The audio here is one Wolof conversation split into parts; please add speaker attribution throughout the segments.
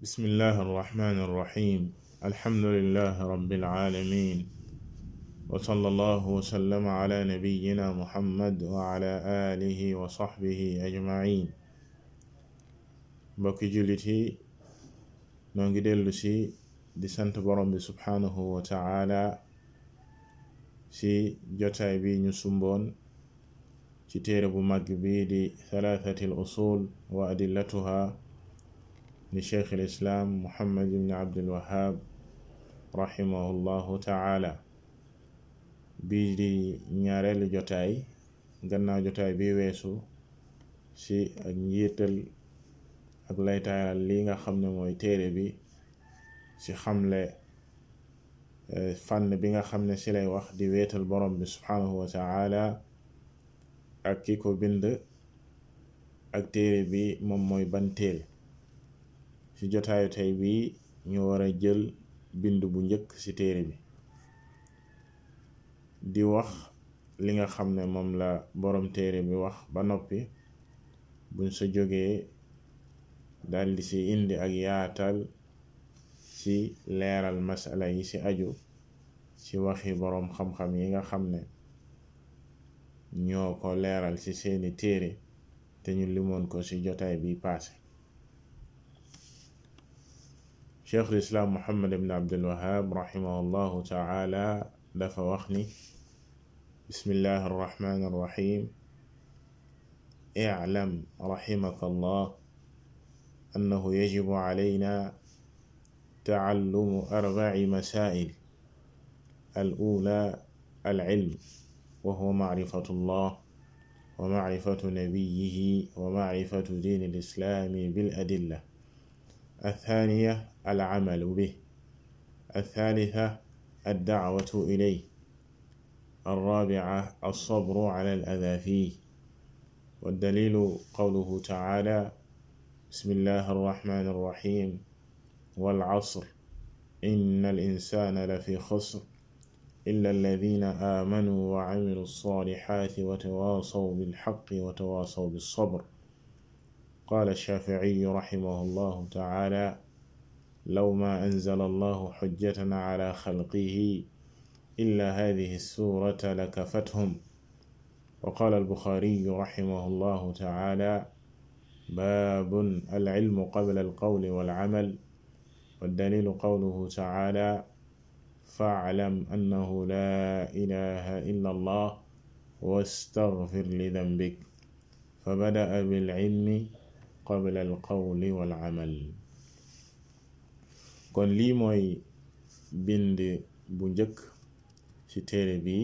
Speaker 1: bismillahi arrahmani irrahim alhamdulilahi rabilalamin wasala allahu wasallama ala nabiyina muhammad wa ala alihi wa saxbihi ajmain mbokki jullit yi noo ngi dellu si di sant borom bi subhaanahu wa taala si jotaay bi ñu sumboon ci téere bu mag bi di thalathati al usul wa adillatuha li cheikh al islaam muhammad ibn abdul wahab rahimahullahu ta'ala bi di ñaareelu jotaay gannaaw jotaay bi weesu ci ak njiital ak laytaayal li nga xam ne mooy téere bi ci xamle e, fànn bi nga xam ne ci lay wax di weetal borom bi subhanahu wa ta'ala ak ki ko bind ak téere bi moom mooy ban téere ci jotaayu tey bii ñu war a jël bind bu njëkk ci téere bi di wax li nga xam ne moom la boroom téere bi wax ba noppi buñ sa jógee daldi ci indi ak yaatal ci leeral masala yi ci aju ci waxi boroom xam-xam yi nga xam ne ñoo ko leeral ci seeni téere te ñu limoon ko ci jotaay bi paase cheikhul islaam muhammad ibn abdul wahab rahimahullahu taala dafa wax ni bismillahi arrahmani arrahim i'lam rahimaka allah annahu yajibu alayna taallumu arbaci masail alula alcilm wa huwa macrifatu llah wa macrifatu nabiyihi wa macrifatu diini alislaami biladilla athaniya alamalu bi athalitha addacwatu ilay arrabica alsabru cala alada fii waddalilu qawluhu tacaala bismillahi arrahmani arrahim walcasr inna alinsana lafi khasr illa alladina aamanuu wa camilu alsalixaati watawaasaw bilxaqi watawaasaw bilsabr qaala ash-Shaafi'iyu rahimahu llahu ta'aala law maa anzala allahu xujjatan calaa xalqihi illaa haadihi suurata lakafathum wa qaala al-Buxaariyu rahimahu llahu ta'aala baabun al-cilmu qabla al-qawli wal-camal waddaliilu qawluhu ta'aala faclam annahu laa ilaaha illa allah wastaghfir lidambik fabada'a bil-cilmi qabla al wa wal amal kon lii mooy bind bu njëkk ci téere bi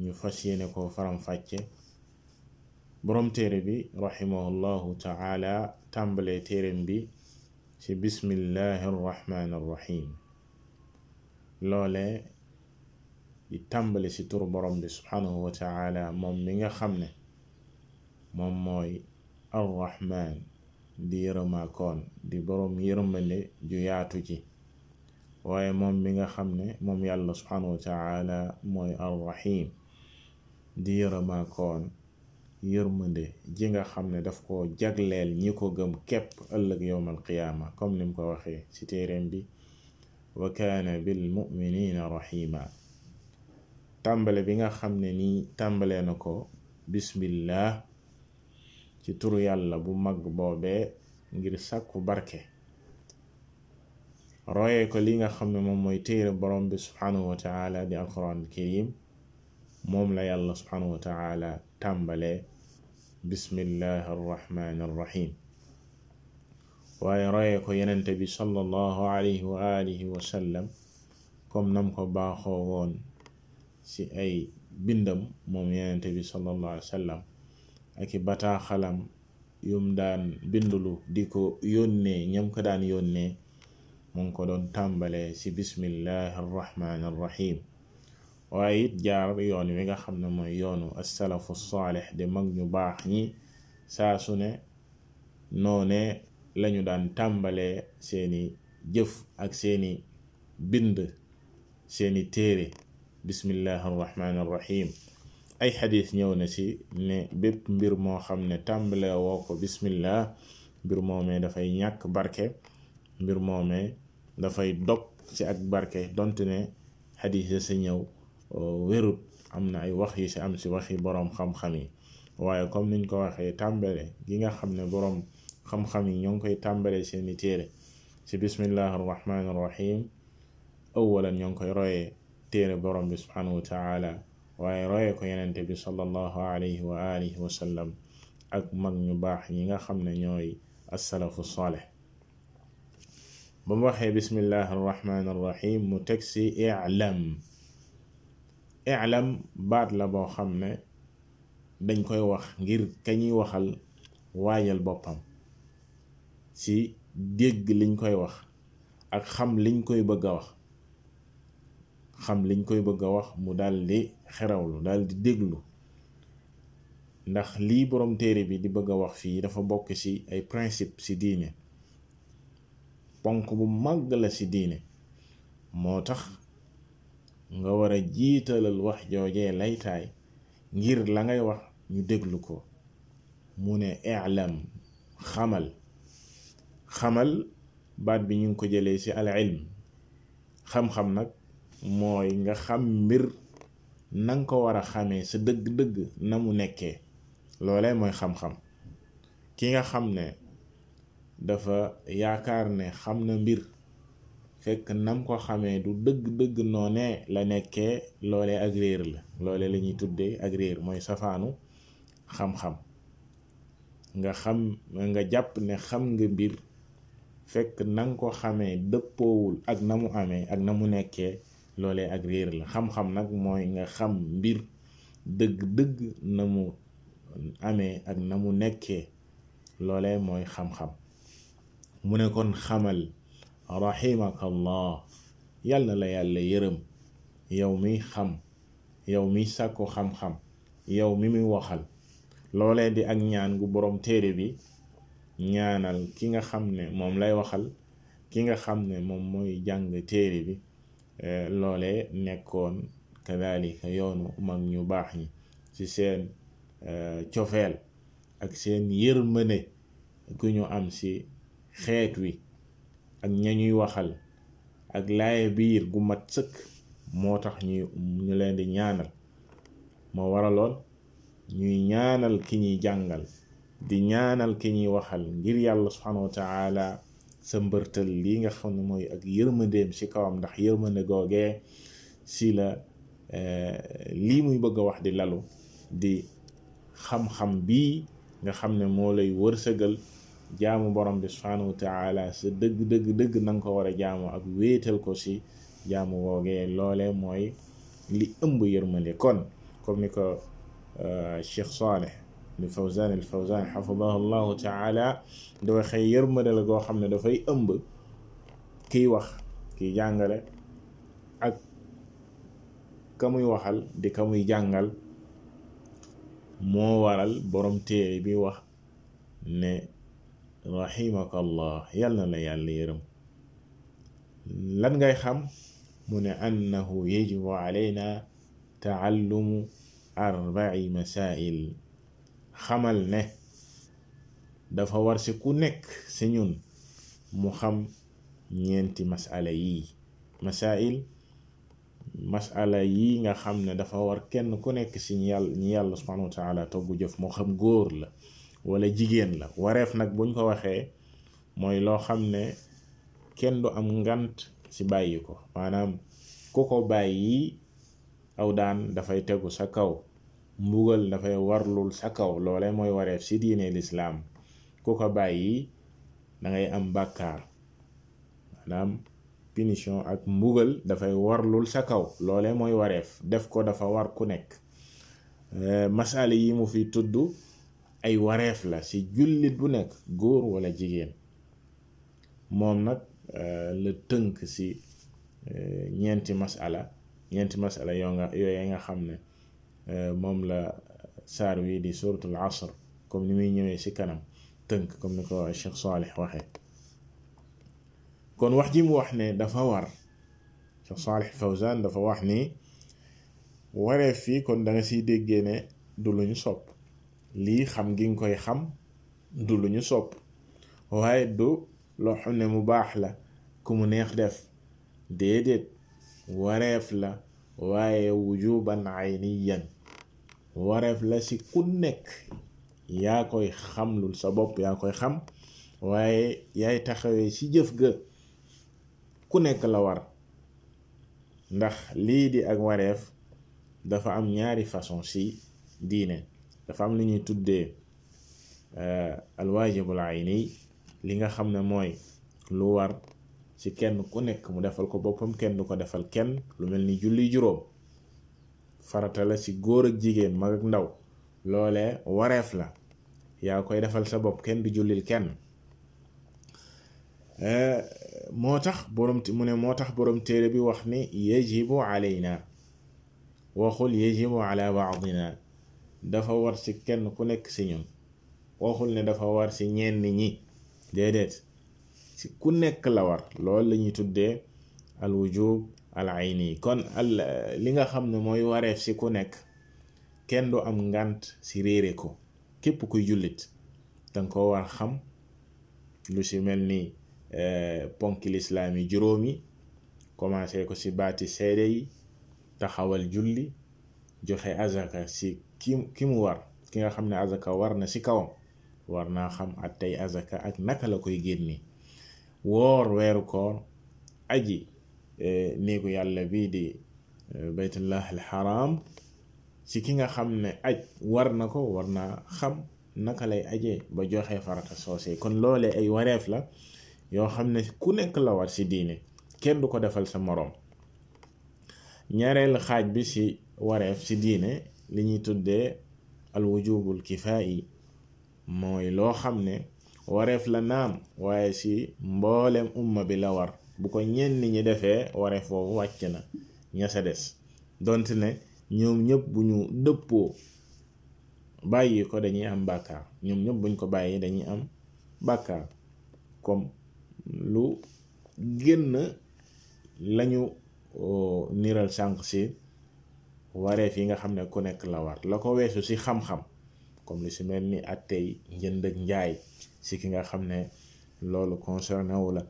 Speaker 1: ñu fas yéene ko faram-fàcce boroom téere bi rahimahullahu taala tàmbale téerem bi ci bismillahi arrahmani arrahim loole di tàmbale ci tur borom bi subhanahu wa taala moom mi nga xam ne moom mooy arrahman di yërëmaakoon di boroom yërmande ju yaatu ji waaye moom mi nga xam ne moom yàlla subhanahu wa taala mooy arrahim di yërëmaakoon yërmande ji nga xam ne daf ko jagleel ñi ko gëm képp ëllëg yowmal qiyaama comme ni mu ko waxee ci téereem bi wa kaana bil muminina rahima tàmbale bi nga xam ne nii tàmbalee na ko bismillah ci turu yàlla bu mag boobee ngir sàkku barke royee ko li nga xam ne moom mooy téere borom bi subhanahu wa taala di alquran karim moom la yàlla subhanahu wa taala tàmbale bismillahi arrahmani arrahim waaye royee ko yenente bi sallallahu alayhi wa alihi wa sallam comme nam ko baaxoo woon ci ay bindam moom yenente bi sallallahu alayhi wa sallam ak i bataaxalam yum daan bindulu di ko yónnee ñam ko daan yónnee mu ngi ko doon tàmbalee ci bismillahi arrahmani arrahim waaye it jaar yoon wi nga xam ne mooy yoonu assalafu saalih di mag ñu baax ñi saa su ne noone lañu daan tàmbalee seeni jëf ak seeni bind seeni téere bismillahi arrahmani arrahim ay xadis ñëw na si ne bépp mbir moo xam ne tàmbale woo ko bismillah mbir moomee dafay ñàkk barke mbir moomee dafay dog si ak barke donte ne xadis ya sa ñëw wérut am na ay wax yi si am si waxi boroom xam-xam yi waaye comme niñ ko waxee tàmbale gi nga xam ne boroom xam-xam yi ñoo ngi koy tàmbale seeni téere ci bismillahi rahmaani rahim awalan ñoo ngi koy royee téere borom bi subhanahu wa taala waaye roye ko yenente bi sallallahu alayhi wa alihi ak mag ñu baax ñi nga xam ne ñooy asalafu saleh ba waxee bismillahi arrahmani arrahim mu teg si i'lam i'lam baat la boo xam ne dañ koy wax ngir kañuy waxal waajal boppam ci dégg liñ koy wax ak xam liñ koy bëgg a wax xam liñ koy bëgg a wax mu daal di xerawlu daldi déglu ndax lii borom téere bi di bëgg a wax fii dafa bokk ci ay principe ci diine ponk bu màgg la ci diine moo tax nga war a jiitalal wax jooje laytaay ngir la ngay wax ñu déglu ko mu ne i'lam xamal xamal baat bi ñu ko jële ci al xam-xam nag mooy nga xam mbir na nga ko war a xamee sa dëgg-dëgg na mu nekkee loole mooy xam-xam ki nga xam ne dafa yaakaar ne xam na mbir fekk nam koo xamee du dëgg-dëgg noonee la nekkee loole ak réer la loole la ñuy tuddee ak réer mooy safaanu xam-xam nga xam nga jàpp ne xam nga mbir fekk na nga ko xamee dëppoowul ak na mu amee ak na mu nekkee loole ak réer la xam-xam nag mooy nga xam mbir dëgg-dëgg na mu amee ak na mu nekkee loole mooy xam-xam mu ne kon xamal rahimaka allah yàlla la yàlla yërëm yow mi xam yow mi sàkku xam-xam yow mi muy waxal loole di ak ñaan gu boroom téere bi ñaanal ki nga xam ne moom lay waxal ki nga xam ne moom mooy jàng téere bi Eh, loole nekkoon kadalika yoonu mag ñu baax ñi ci seen eh, cofeel ak seen yërmande gu ñu am ci xeet wi ak ña ñuy waxal ak laaye biir gu mat sëkk moo tax ñuy ñu leen di ñaanal moo waraloon ñuy ñaanal ki ñuy jàngal di ñaanal ki ñuy waxal ngir yàlla subhanahu sa mbërtal lii nga xam ne mooy ak yërmandeem si kawam ndax yërmande googee si la eh, lii muy bëgg a wax di lalu di xam-xam bii nga xam ne moo lay wërsëgal jaamu borom bi subhanahu wa taala sa dëgg dëgg dëgg na ko war a jaamu ak wéetal ko si jaamu googee loole mooy li ëmb yërmande kon comme ni ko eh, Cheikh Saleh li Fawzaan al Fawzaan xafidahu llahu taala dafa xëy yërmande goo xam ne dafay ëmb kiy wax kiy jàngale ak kamuy muy waxal di ka muy jàngal moo waral borom téere bi wax ne rahimaka allah yal na la yàlla yërëm lan ngay xam mu ne annahu yajibu alayna taallumu arbaci masail xamal ne dafa war si ku nekk si ñun mu xam ñeenti masala yii masail masala yii nga xam ne dafa war kenn ku nekk ci ñi yàlla ñi yàlla togg jëf moo xam góor la wala jigéen la wareef nag buñ ko waxee mooy loo xam ne kenn du am ngant ci bàyyi ko maanaam ku ko bàyyi aw daan dafay tegu sa kaw mbugal dafay warlul sa kaw loole mooy wareef si diine lislaam ku ko bàyyi dangay am bàkkaar maanaam punition ak mbugal dafay warlul sa kaw loole mooy wareef def ko dafa war ku nekk euh, masale yi mu fi tudd ay wareef la ci jullit bu nekk góor walla jigéen moom nag euh, la tënk ci euh, ñeenti masala ñeenti masala yoo nga yooye nga xam ne Euh, moom la saar wi di suratul asr comme ni muy ñëwee ci kanam tënk comme ni ko Cheikh Salih waxee kon wax ji mu wax ne dafa war Cheikh Salih Fawzan dafa wax ni wareef fii kon da nga siy déggee ne du lu ñu sopp lii xam gi nga koy xam du lu ñu sopp waaye du loo xam ne mu baax la ku mu neex def déedéet wareef la waaye wujuban ayniyan wareef la si ku nekk yaa koy xamlul sa bopp yaa koy xam waaye yaay taxawee ci jëf ga ku nekk la war ndax lii di ak wareef dafa am ñaari façon si diine dafa am lu ñuy tuddee eh, alwaajibul nii li nga xam ne mooy lu war si kenn ku nekk mu defal ko boppam kenn du ko defal kenn lu mel ni julli juróom farata la ci góor ak jigéen mag ak ndaw loole wareef la yaa koy defal sa bopp kenn du jullil kenn eh, moo tax borom ne moo tax borom téere bi wax ni yajibu alayna waxul yajibu ala baadina dafa war ci kenn ku nekk ci ñun waxul ne dafa war ci ñenn ñi déedéet ci ku nekk la war loolu la tuddee al wujub al nii kon al li nga xam ne mooy wareef si ku nekk kenn du am ngànt si réere ko képp kuy jullit danga ko war xam lu si mel ni eh, ponki lislaam yi juróomi commencé ko si baati seede yi taxawal julli joxe azaka si ki ki mu war ki nga xam ne azaka war na si kawam war naa xam at tey azaka ak naka la koy génne woor weeru koor aji E, néegu yàlla bii di e, baytullah al haram ci ki nga xam ne aj war na ko war naa xam naka lay aje ba joxe farata soose kon loole ay wareef la yoo xam ne ku nekk la war ci diine kenn du ko defal sa moroom ñaareelu xaaj bi si wareef si diine li ñuy tuddee al wujubul yi mooy loo xam ne wareef la naan waaye si mbooleem umma bi la war bu ko ñenn ñi defee wareef boobu wàcc na ña sa des donte ne ñoom ñëpp bu ñu dëppoo bàyyi ko dañuy am bàkkaar ñoom ñëpp buñ ko bàyyi dañuy am bàkkaar comme lu génn lañu niral sànq si waree yi nga xam ne ku nekk la war la ko weesu si xam-xam comme li si mel ni attey njënd ak njaay si ki nga xam ne loolu concerné la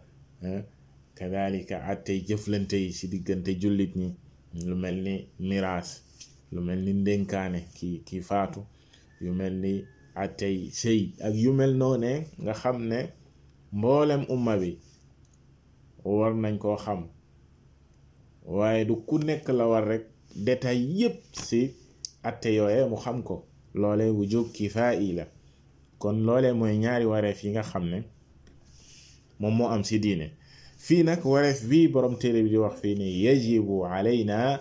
Speaker 1: kadalika attey jëflante yi ci diggante jullit ñi lu mel ni miraas lu mel ni ndénkaane ki ki faatu yu mel ni attey sëy ak yu mel noone nga xam ne mboolem umma bi war nañ koo xam waaye du ku nekk la war rek détail yépp ci atte yooye mu xam ko loole wujub kifaa'i la kon loole mooy ñaari wareef yi nga xam ne moom moo am ci diine fii nag wareef bii borom téere bi di wax fii ne yajibu alayna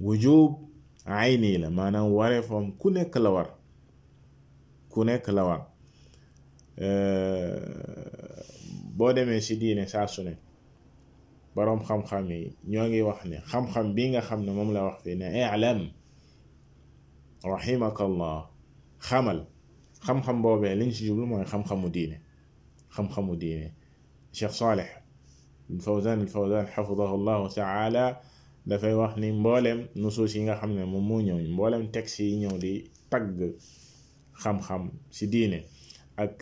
Speaker 1: wujub ayni la maanaam wareefam ku nekk la war ku nekk la war boo demee si diine saa su ne xam-xam yi ñoo ngi wax ni xam-xam bi nga xam ne moom la wax fii ne i'lam rahimakallah xamal xam-xam boobee liñ ci jublu mooy xam-xamu diine xam-xamu diine Cheikh Saleh Fawzan Fawzan xafidahullahu taala dafay wax ni mboolem nusuus yi nga xam ne moom moo ñëw mboolem texte yi ñëw di tagg xam-xam ci diine ak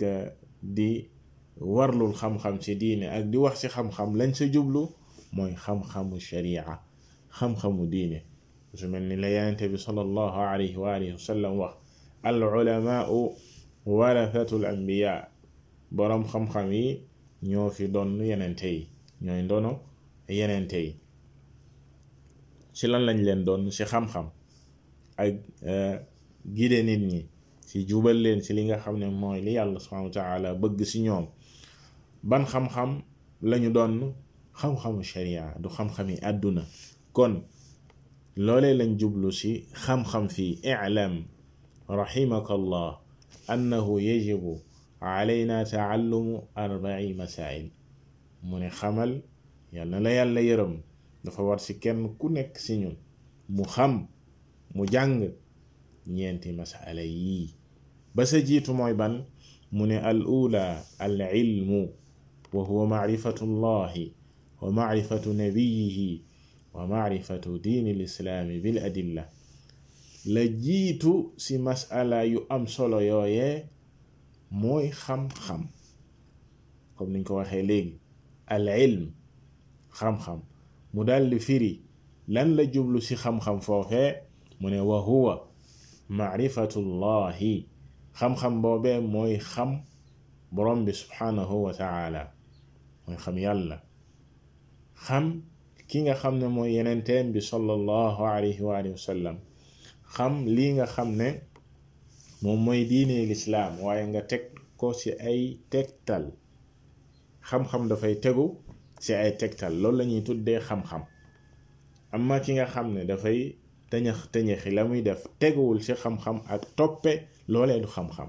Speaker 1: di warlul xam-xam ci diine ak di wax ci xam-xam lañ sa jublu mooy xam-xamu sharia xam-xamu diine su mel ni la yenente bi sallallahu alayhi wa alihi wasallam wax al ulamaau warathatul anbiya boroom xam-xam yi ñoo fi doon yenente yi ñooy ndono yeneente yi ci lan lañ leen doon ci xam-xam ak euh, guide nit ñi si jubal leen ci li nga xam ne mooy li yàlla subhanahu wa taala bëgg si ñoom ban xam-xam lañu doon xam-xamu sharia du xam-xami àdduna kon loolee lañ jublu si xam-xam fii i'lam rahimaka allah annahu yajibu alayna taallumu arba'i masail mu ne xamal yàlla na la yàlla yërëm dafa war ci kenn ku nekk ci ñun mu xam mu jàng ñeenti masala yii ba sa jiitu mooy ban mu ne al ula al ilmu wa huwa macrifatu llahi wa macrifatu nabiyihi wa macrifatu diini lislaami bil adilla la jiitu ci masala yu am solo yooyee mooy xam-xam comme niñ ko waxee léegi al ilm xam-xam mu daal di firi lan la jublu ci xam-xam foofee mu ne wa huwa maarifatullahi xam-xam boobee mooy xam borom bi subhaanahu wa mooy xam yàlla xam ki nga xam ne mooy yenenteen bi sallallahu alayhi wa xam lii nga xam ne moom mooy diine lislaam waaye nga teg ko ci ay tegtal xam-xam dafay tegu si ay tegtal loolu lañuy tuddee xam-xam amma ki nga xam ne dafay tëñëx tëñëxi la muy def teguwul si xam-xam ak toppe loolee du xam-xam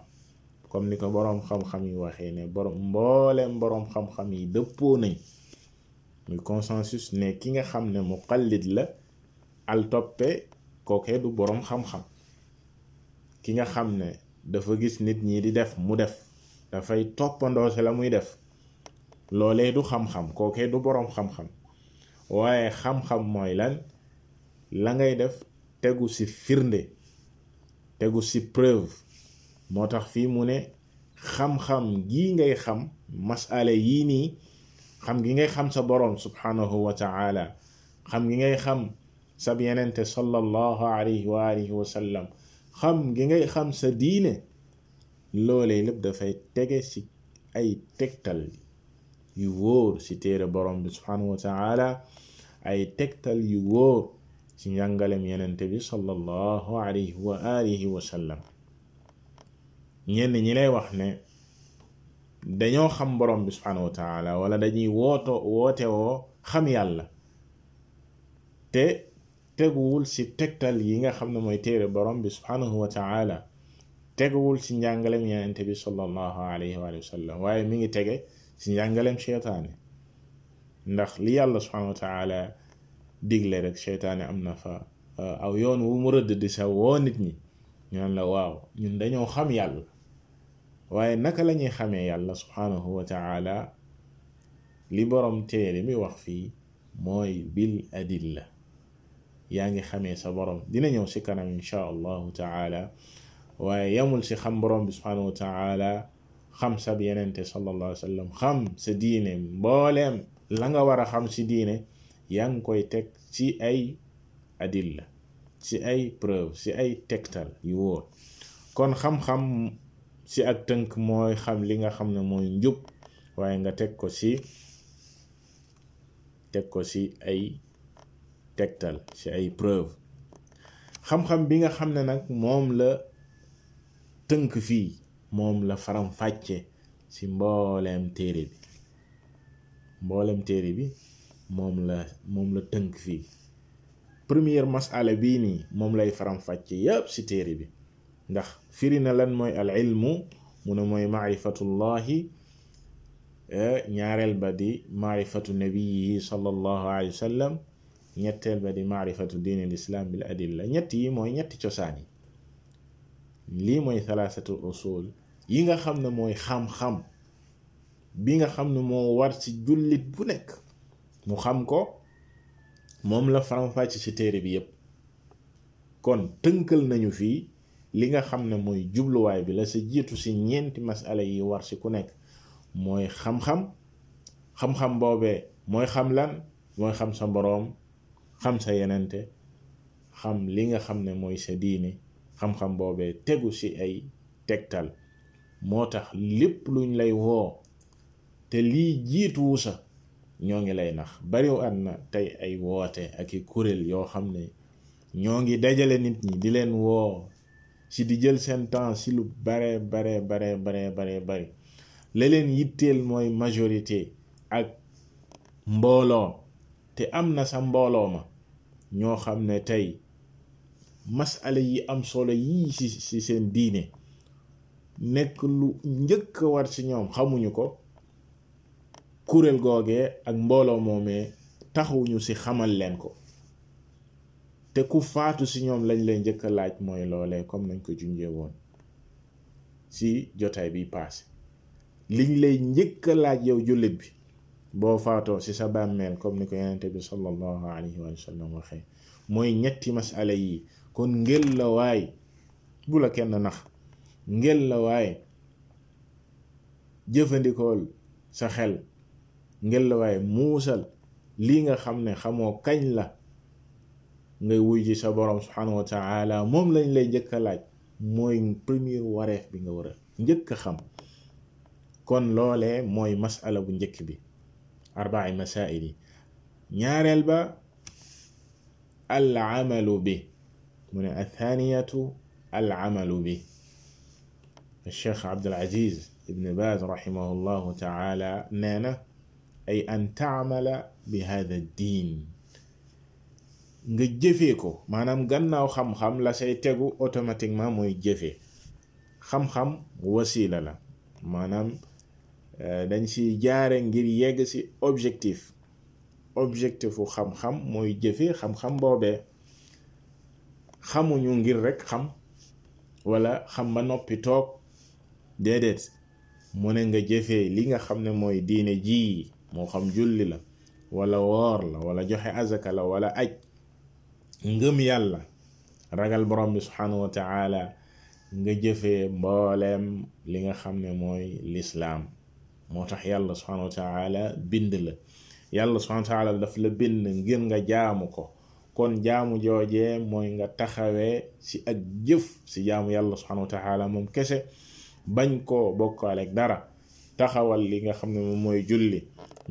Speaker 1: comme ni ko boroom xam-xam yi waxee ne boroom mbooleem boroom xam-xam yi dëppoo nañ muy consensus ne ki nga xam ne muqallid la al toppe kookee du boroom xam-xam ki nga xam ne dafa gis nit ñi di def mu def dafay toppandoo ci la muy def loolee du xam-xam kookee du boroom xam-xam waaye xam-xam mooy lan la ngay def tegu ci firnde tegu ci preuve moo tax fii mu ne xam-xam gi ngay xam masala yii nii xam gi ngay xam sa boroom subhanahu wa ta'ala xam gi ngay xam sa yenente sallallahu alayhi wa alihi xam gi ngay xam sa diine loolee lépp dafay tege si ay tegtal yu wóor ci téere borom bi subhanahu wa ay tegtal yu wóor ci njàngalem yenente bi sallallahu alayhi wa alihi wa ñi lay wax ne dañoo xam borom bi subhanahu wa wala dañuy wooto woote xam yàlla te teguwul ci tegtal yi nga xam ne mooy téere borom bi subhanahu wa ci njàngalem yenente bi sallallahu waaye mi ngi tege ci njàngaleem cheytaane ndax li yàlla subhanahu wa digle rek cheytaane am na euh, aw yoon wu mu rëdd di sa woo nit ñi ñu naan la waaw ñun dañoo xam yàlla waaye naka la ñuy xamee yàlla subhanahu wa li borom téere mi wax fii mooy bil adilla yaa ngi xamee sa borom dina ñëw si kanam inchaa allahu taala waaye yamul si xam borom bi subhanahu wa xam sab yenente sallallahu alayhi wa sallam xam sa diine mbooleem la nga war a xam si diine yaa ngi koy teg ci ay adilla ci ay preuve ci ay tegtal yu wóor kon xam-xam ci ak tënk mooy xam li nga xam ne mooy njub waaye nga teg ko ci teg ko ci ay tegtal ci ay preuve xam-xam bi nga xam ne nag moom la tënk fii moom la faram fàcce si mbooleem téere bi mbooleem téere bi moom la moom la tënk fii première masala bii nii moom lay faram fàcce yépp ci téere bi ndax firi na lan mooy al ilmu mu ne mooy maarifatullahi eh, ñaareel ba di maarifatu nabiyihi sallallahu alayhi wa sallam ñetteel ba di maarifatu diin al islam bil adilla ñett yi mooy ñetti cosaan yi lii mooy thalaasatul usul yi nga xam ne mooy xam-xam bi nga xam ne moo war ci jullit bu nekk mu xam ko moom la faramfàcc si téere bi yépp kon tënkal nañu fii li nga xam ne mooy jubluwaay bi la sa jiitu ci ñeenti masala yi war si ku nekk mooy xam-xam xam-xam boobee mooy xam lan mooy xam sa boroom xam sa yenente xam li nga xam ne mooy sa diine xam-xam boobee tegu ci ay tegtal moo tax lépp luñ lay woo te lii jiituwu sa ñoo ngi lay nax bariw an na tey ay woote ak i kuréel yoo xam ne ñoo ngi dajale nit ñi di leen woo ci di jël seen temps ci lu bare bare bare bare bare bare la leen yitteel mooy majorité ak mbooloo te am na sa mbooloo ma ñoo xam ne tey masala yi am solo yii ci seen diine nekk lu njëkk war ci ñoom xamuñu ko kuréel googee ak mbooloo moomee taxuñu ci xamal leen ko te ku faatu ci ñoom lañ lay njëkk laaj mooy loolee comme nañ ko junjee woon ci jotaay bi paase liñ lay njëkk a laaj yow jullit bi boo faatoo ci sa bàmmeel comme ni ko yonente bi sallallahu alayhi waxee mooy ñetti masala yi kon ngel la waay bu la kenn nax ngel la waay jëfandikool sa xel ngel la waay muusal lii nga xam ne xamoo kañ la ngay wuy ji sa borom subhanahu wa moom lañ lay njëkk a laaj mooy premier wareef bi nga war a njëkk a xam kon loole mooy masala bu njëkk bi arba'i masail yi ñaareel ba al amalu bi mu ne athaniyatu alamalu bi cheikh abdulaziz ibn baaz rahimahullahu taala nee na ay an taamala bi hada diin nga jëfee ko maanaam gannaaw xam-xam la say tegu automatiquement mooy jëfee xam-xam wasiila la maanaam euh, dañ si jaare ngir yegg si objectif objectifu xam-xam mooy jëfee xam-xam boobee xamuñu ngir rek xam wala xam ba noppi toog déedéet mu ne nga jëfee li nga xam ne mooy diine ji moo xam julli la walla woor la wala joxe azaka la wala aj ngëm yàlla ragal borom bi subhanahu wa nga jëfe mbooleem li nga xam ne mooy lislaam moo tax yàlla subhanahu wa bind la yàlla subhanahu wa daf la bind ngir nga jaamu ko kon jaamu joojee mooy nga taxawee ci ak jëf ci jaamu yàlla subhanahu wa moom kese bañ koo bokkaaleeg dara taxawal li nga xam ne moom mooy julli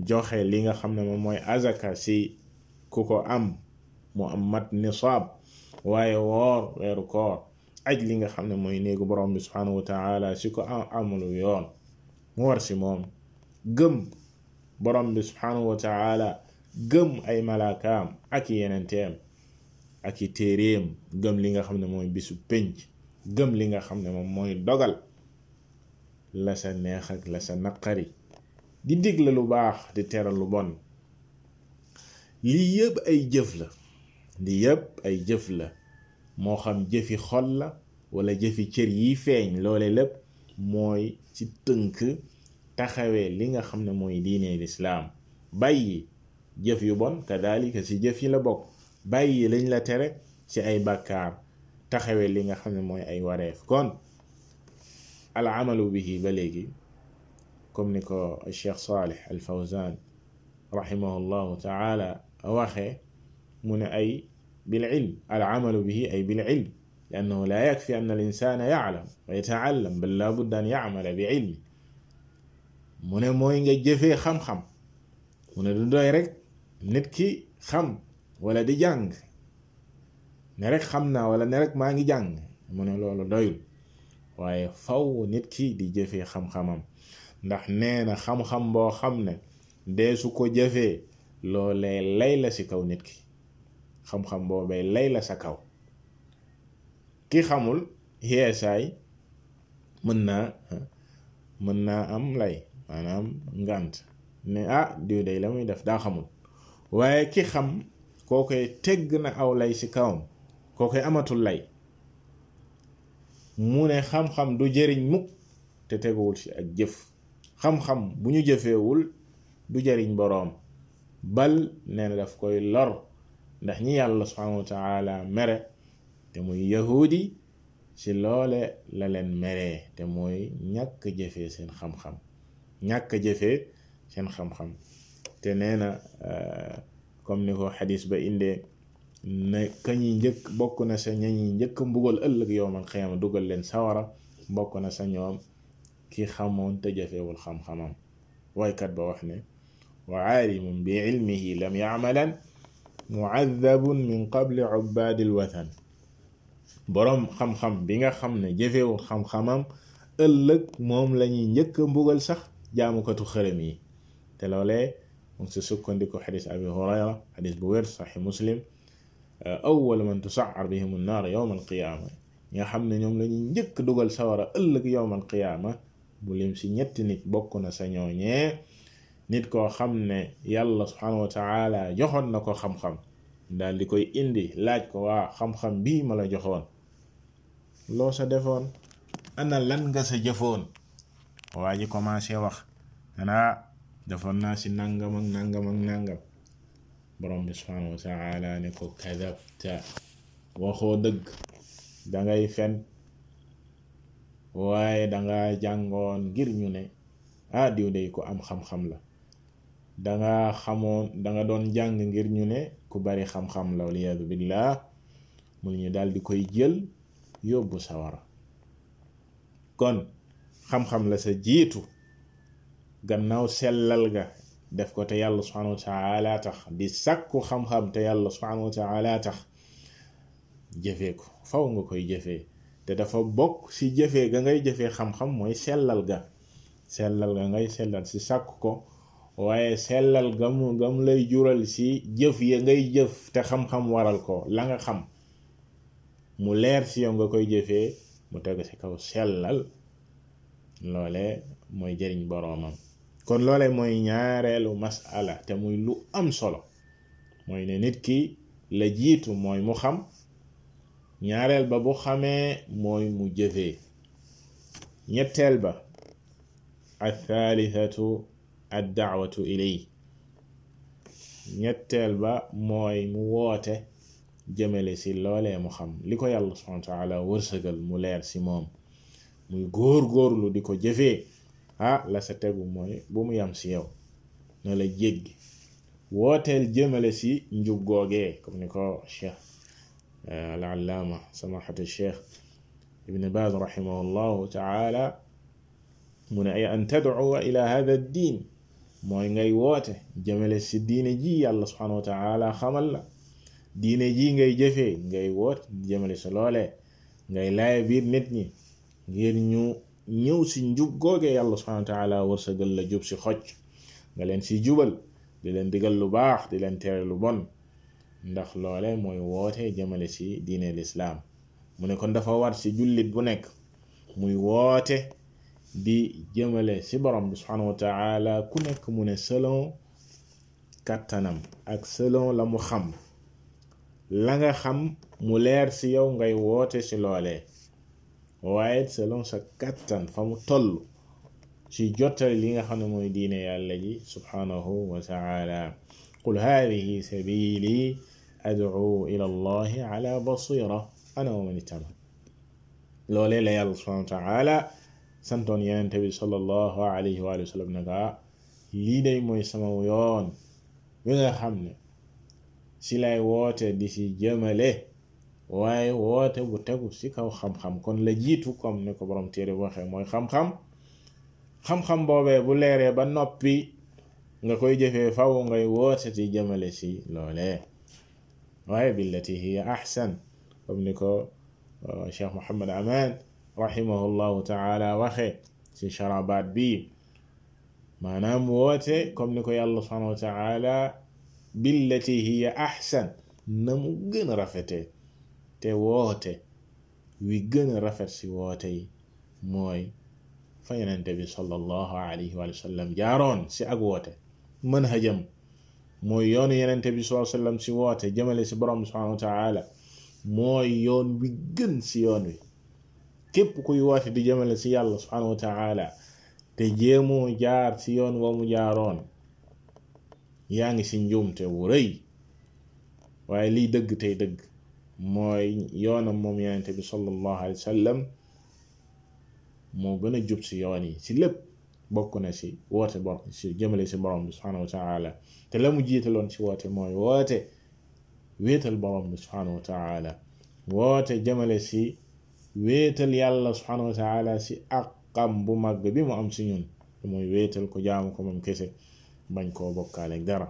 Speaker 1: joxe li nga xam ne moom mooy azaka ci ku ko am mu am mat nisaab waaye woor weeru koor aj li nga xam ne mooy néegu borom bi subhanahu wa ci ko am amulu yoon mu war ci moom gëm borom bi subhanahu wa gëm ay malaakaam ak i yenenteem ak i téeréem gëm li nga xam ne mooy bisu pénc gëm li nga xam ne moom mooy dogal la sa neex ak la sa naqari di digle lu baax di tere lu bon lii yëpp ay jëf la lii yëpp ay jëf la moo xam jëfi xol la walla jëfi cër yiy feeñ loole lépp mooy ci tënk taxawee li nga xam ne mooy diine lislaam bàyyi jëf yu bon kadaalika si jëf yi la bokk bàyyi yi lañ la tere ci ay bàkkaar taxawee li nga xam ne mooy ay wareef kon al amalu bihi ba léegi comme ni ko Cheikh Salih al Fawzan rahimahullahu taala waxe mu ne ay bil ilm al amalu bihi ay bil ilm liannahu la yakfi an al insana yaalam wa yataallam bal la budda an yaamala bi ilmi mu ne nga jëfee xam-xam rek nit ki xam wala di jàng ne rek xam naa walla ne rek maa ngi jàng mu ne loolu doyul waaye faw nit ki di jëfee xam-xamam ndax nee na xam-xam boo xam ne dee su ko jëfee loolee lay la ci kaw nit ki xam-xam boobee lay la sa kaw ki xamul yeesaay mën naa mën naa am lay maanaam ngànt ne ah diw la muy def daa xamul waaye ki xam koo koy tegg na aw lay ci kawam koo koy amatul lay mu ne xam-xam du jëriñ mukk te teguwul ci ak jëf xam-xam bu ñu jëfewul du jëriñ boroom bal nee na daf koy lor ndax ñi yàlla subhanahu wa taala mere te muy yahudi ci loole la leen meree te mooy ñàkk jëfe seen xam-xam ñàkk jëfe seen xam-xam te nee na eh, comme ni ko xadis ba indee ne kañi njëkk bokk na sa ñañi njëkk mbugal ëllëg yowmal xiyaama dugal leen sawara bokk na sa ñoom ki xamoon te jafewul xam-xamam waykat ba wax ne wa aalimun bi ilmihi lam yamalan muadabun min qabli ubbaadil wathan boroom xam-xam bi nga xam ne jafewul xam-xamam ëllëg moom lañuy njëkk mbugal sax jaamukatu xërëm yi te loolee mu ngi si sukkandiku xadis abi hurayra xadis bu wér saxi muslim euh, awwal man tusaar bihim annaar naar alqiyaama ñi nga xam ne ñoom la njëkk dugal sawara ëllëg yowm alqiyaama bu lim si ñetti nit bokk na sa ñooñee nit koo xam ne yàlla subhaanahu wa joxoon na ko xam-xam daal di koy indi laaj ko waa xam-xam bii ma la joxoon loo sa defoon ana lan nga sa jëfoon waa ji wax anaa defoon naa si nangam ak nangam ak nangam borom bi subhaanahu wa taala ne ko kadabta waxoo dëgg dangay fen waaye danga jàngoon ngir ñu ne ah diw day ko am xam-xam la danga xamoon danga doon jàng ngir ñu ne ku bari xam-xam la waliyaadu billah mu ñu daal di koy jël yóbbu sawara kon xam-xam la sa jiitu gannaaw sellal ga def ko te yàlla subhanahu wa taala tax di sàkku xam-xam te yàlla subhanahu wa taala tax jëfee ko faw nga koy jëfe te dafa bokk ci jëfe ga ngay jëfee xam-xam mooy sellal ga sellal ga ngay sellal ci sàkku ko waaye sellal ga mu ga mu lay jural si jëf ya ngay jëf te xam-xam waral ko la nga xam mu leer si yow nga koy jëfee mu tegu ci kaw sellal loole mooy jëriñ boroomam kon loole mooy ñaareelu masala te muy lu am solo mooy ne nit ki la jiitu mooy mu xam ñaareel ba bu xamee mooy mu jëfee ñetteel ba althalithatu ad daawatu ilay ñetteel ba mooy mu woote jëmale ci loolee mu xam li ko yàlla subhanahu wa wërsëgal mu leer ci moom muy góor góorlu di ko jëfee ah la sa tegu mooy bu mu yam si yow na la jéggi wooteel jëmale si njub googee comme ni ko cheikh euh, al allaama samahatu cheikh ibn baaz rahimahullahu taala mu ne ay an tadcuwa ila hada diin mooy ngay woote jëmale si diine ji yàlla subhanahu wa taala xamal la diine ji ngay jëfee ngay woot jëmale si loolee ngay laaya biir nit ñi ngir ñu ñëw si njub googee yàlla subhanahu wa taala wërsëgal la jub si xoj nga leen si jubal di leen digal lu baax di leen tere lu bon ndax loole mooy woote jëmale si diine lislaam mu ne kon dafa war si jullit bu nekk muy woote di jëmale si borom bi subhanahu wa ku nekk mu ne selon kàttanam ak selon la mu xam la nga xam mu leer si yow ngay woote si loole waaye selon sa kàttan fa mu toll si jottali li nga xam ne mooy diine yàlla ji subhanahu wa taala qul hadihi sabili ad'u ila allahi ala basira ana wa man ittaba loolee la yàlla subhanahu wa taala ah, lii mooy sama xam ne si lay woote di si jëmale waaye woote bu tegu ci kaw xam-xam kon la jiitu comme ni ko borom téere waxee mooy xam-xam xam bu leere ba noppi nga koy jëfee faw ngay woote ci jëmale ci loolee waaye billati hiya ahsan comme ni ko euh, cheikh Muhammad Aman rahimahullahu taala waxee ci charabaat bi maanaam woote comme ni ko yàlla subhanahu wa taala billati hiya ahsan na mu gën a te woote wi gën a rafet ci woote yi mooy fa yonente bi sallallahu alayhi wa sallam jaaroon ci ak woote mën hajam mooy yoonu yonente bi sallallahu alayhi ci woote jëmale ci borom bi mooy yoon wi gën ci yoon wi képp kuy woote di jëmale ci yàlla subhanahu wa taala te jéemoo jaar ci yoon wa mu jaaroon yaa ngi ci njuumte wu rëy waaye liy dëgg tey dëgg mooy yoonam moom yonente bi sallallahu alayhi wa moo gën a jub si yoon yi si lépp bokk na si woote bor si jëmale si borom bi subhanahu wa te la mu jiitaloon si woote mooy woote wéetal borom bi subhanahu wa woote jëmale si weetal yàlla subhanahu wa taala si àqam bu mag bi mu am si ñun mooy wéetal ko jaamu ko moom kese bañ koo bokkaale dara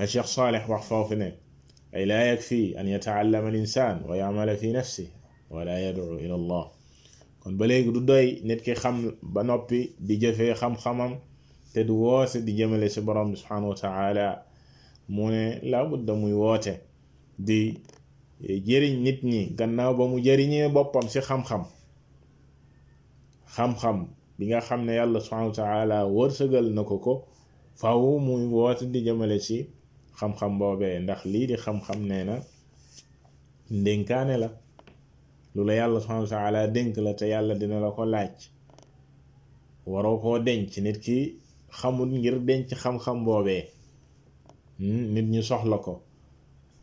Speaker 1: a Cheikh Salih wax foofu ne ay laa yakfi an yataallama al insaan wa yamala fi nafsi wala yad'u ila allah kon ba léegi du doy nit ki xam ba noppi di jëfee xam-xamam te du woote di jëmale si borom bi subhanahu wa mu ne laa budda muy woote di jëriñ nit ñi gannaaw ba mu jëriñee boppam si xam-xam xam-xam bi nga xam ne yàlla subhanahu wa wërsëgal na ko ko faw muy woote di jëmale si xam-xam boobee ndax lii di xam-xam nee na ndénkaane la lu la yàlla subhanahu wa taala dénk la te yàlla dina la ko laaj waroo koo denc nit ki xamul ngir denc xam-xam boobee hmm? nit ñi soxla ko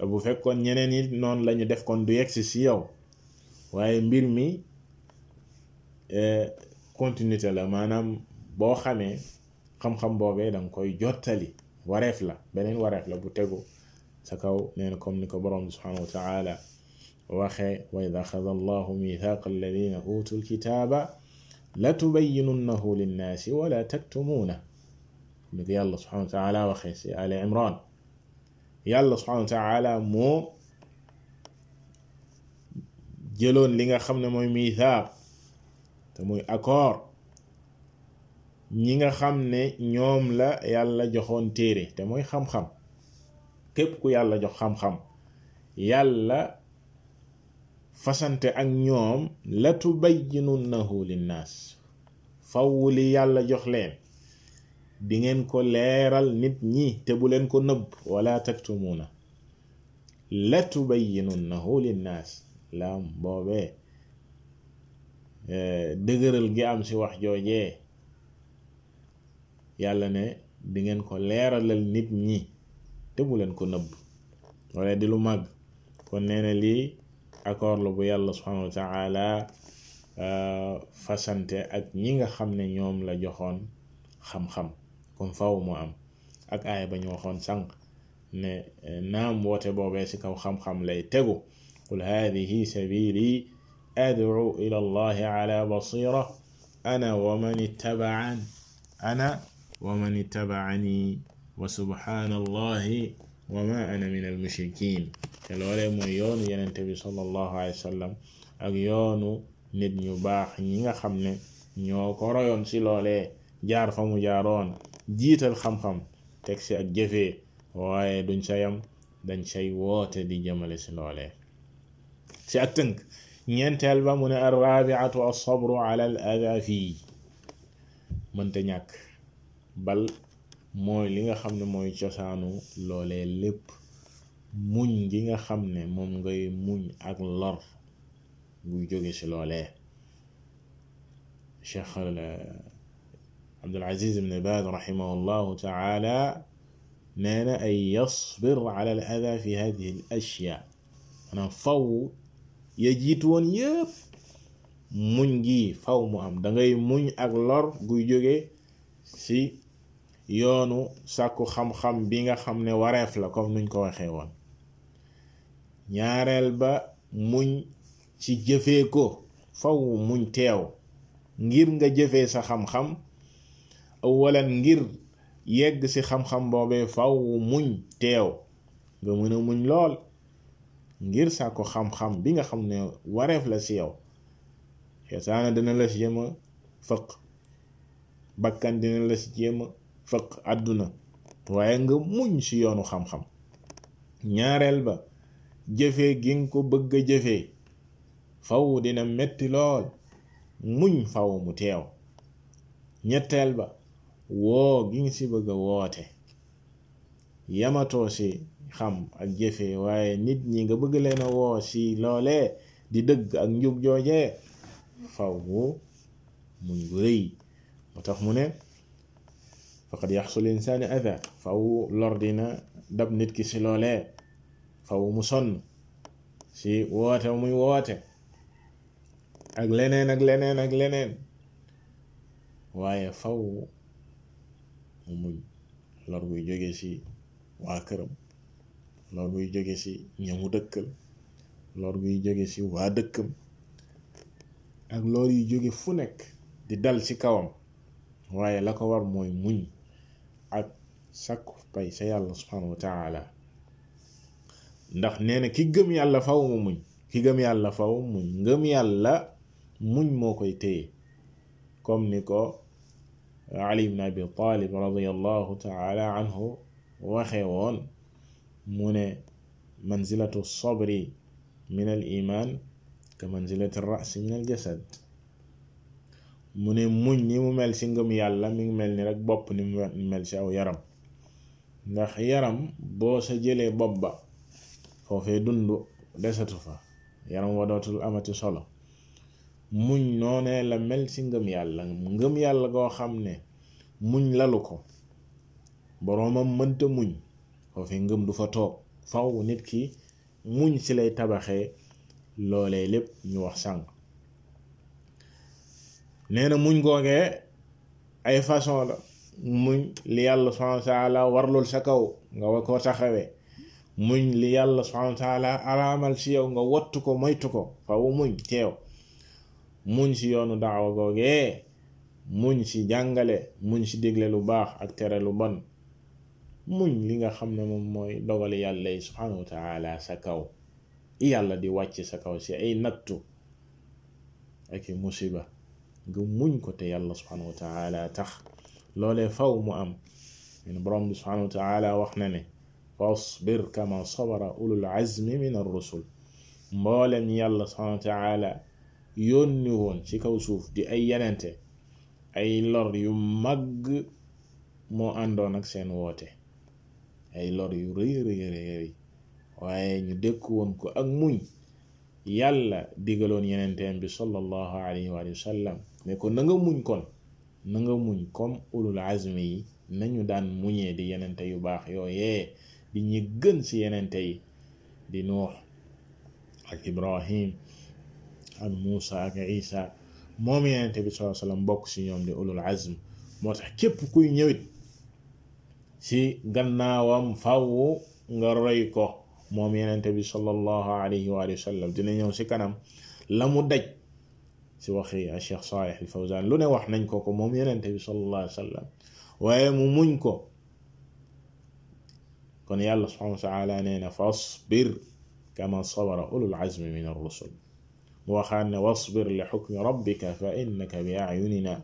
Speaker 1: bu fekkoon ñeneen yi noonu lañu def kon du yegsi si yow waaye mbir mi e, continuité la maanaam boo xamee xam-xam boobee danga koy jottali wareef la beneen wareef la bu tegu sa kaw nee na comme ni ko borom bi subhanahu wa taala waxee wa id axada allahu mithaqa alladina utu lkitaaba la tubayinunnahu linnaasi wala taktumuuna ni ko yàlla subhanahu wa taala waxee si ali imran yàlla subhanahu wa taala moo jëloon li nga xam ne mooy mithaaq te muy accord ñi nga xam ne ñoom la yàlla joxoon téere te mooy xam-xam képp ku yàlla jox xam-xam yàlla fasante ak ñoom la tubayyinunnahu linnaas faw li yàlla jox leen di ngeen ko leeral nit ñi te bu leen ko nëbb wala taktumuuna la tubayyinunnahu linnaas laam boobee eh, dëgëral gi am ci wax joojee yàlla ne di ngeen ko leeralal nit ñi tegu leen ko nëbb wala di lu màgg kon nee na lii accord la bu yàlla subhanahu wa euh, fasante ak ñi nga xam ne ñoom la joxoon xam-xam kon faw mu am ak aaya ba ñu waxoon sànq ne euh, naam woote boobee ci kaw xam-xam lay tegu qul hadihi sabili ad'u ila allahi basira ana wa ittaba'an ana wa man ittaba'ani wa subhaanallahi wa ma ana min almushrikin te loolee mooy yoonu yenente bi sallallahu alayhi ak yoonu nit ñu baax ñi nga xam ne ñoo ko royoon ci loolee jaar fa mu jaaroon jiital xam-xam teg ci ak jëfee waaye duñ sa yam dañ say woote di jëmale ci loolee ci ak tënk ñeenteel ba mu ne arrabiatu alsabru ala al ada fii ñàkk bal mooy li nga xam ne mooy cosaanu loolee lépp muñ gi nga xam ne moom ngay muñ ak lor buy jóge ci loole cheikh euh, abdul aziz ibn baad raximahu llahu taala nee ay yasbir ala al ada fi hadihi al ashyaa faw ya woon yëpp muñ gi faw mu am da muñ ak lor guy jóge ci yoonu sàkku xam-xam bi nga xam ne wareef la comme nuñ ko waxee woon ñaareel ba muñ ci jëfee ko faw muñ teew ngir nga jëfe sa xam-xam awalan ngir yegg ci xam-xam boobee faw muñ teew nga mën muñ lool ngir sàkku xam-xam bi nga xam ne wareef la ci yow xeesaana dina la ci jéem a fëq la ci jéem fëq àdduna waaye nga muñ ci yoonu xam-xam ñaareel ba jëfee gi nga ko bëgga jëfe jëfee faw dina metti lool muñ faw mu teew ñetteel ba woo gi nga ci bëgg a woote yamatoo ci xam ak jëfe waaye nit ñi nga bëgg leen woo ci loolee di dëgg ak njub joojee faw mu muñ bu rëy moo tax mu ne faqad yaxsul insaani ada faw lor dina dab nit ki si loolee faw mu sonn si woote muy woote ak leneen ak leneen ak leneen waaye faw mu muñ lor buy jóge si waa këram lor buy jóge si ñamu dëkkal lor buy jóge si waa dëkkam ak lor yu jóge fu nekk di dal ci kawam waaye la ko war mooy muñ ak sakku pay sa yàlla subhanahu ndax nee ki gëm yàlla faw mu muñ ki gëm yàlla faw muñ ngëm yàlla muñ moo koy téye comme ni ko ali ibn abi talib radiallahu taala anhu waxee woon mu ne manzilatu sabri min al iman ka manzilati rasi min al jasad mu ne muñ ni mu mel ci ngëm yàlla mi ngi mel ni rek bopp ni mu mel ci aw yaram ndax yaram boo sa jëlee bopp ba foofee dund desatu fa yaram wa dootul amati solo muñ noonee la mel ci ngëm yàlla ngëm yàlla goo xam ne muñ lalu ko boroomam mënta muñ foofee ngëm du fa toog faw nit ki muñ ci lay tabaxee loolee lépp ñu wax sànq nee na muñ googee ay façon la muñ li yàlla subhaanahu wa warlul sa kaw nga wa ko taxawee muñ li yàlla subhaanahu wa taala si yow nga wottu ko moytu ko faw muñ teew muñ si yoonu daawa googee muñ si jàngale muñ si digle lu baax ak tere lu bon muñ li nga xam ne moom mooy dogali yàlla yi subhaanahu sa kaw yàlla di wàcc sa kaw si ay nagtu ak musiba nga muñ ko te yàlla subhanahu wa taala tax loolee faw mu am en borom bi subhanahu wa taala wax na ne fasbir kama sabara ulul azmi min ar-rusul mboolem yàlla subhanahu wa taala yónni woon ci kaw suuf di ay yenente ay lor yu mag moo àndoon ak seen woote ay lor yu rëy rëy rëy waaye ñu dékk woon ko ak muñ yàlla digaloon yenenteen bi sallallahu alayhi wa sallam ne ko na muñ kon nanga muñ comme ulul azmi yi nañu daan muñee di yenente yu baax yooyee di ñi gën ci yenente yi di nuux ak ibrahim ak muusa ak isa moom yenente bi sallallahu alayhi bokk ci ñoom di ulul azm moo tax képp kuy ñëwit ci gannaawam faw nga roy ko moom yenente bi sallallahu alayhi wa sallam dina ñëw si kanam la mu daj si waxi Cheikh Saalih al Fawzaan lu ne wax nañ ko ko moom yenente bi sallallahu alayhi wa sallam waaye mu muñ ko kon yàlla subhaanahu wa taala nee na fasbir kama sabara ulul azmi min ar-rusul mu waxaan ne wasbir li xukmi rabbika fa innaka bi ayunina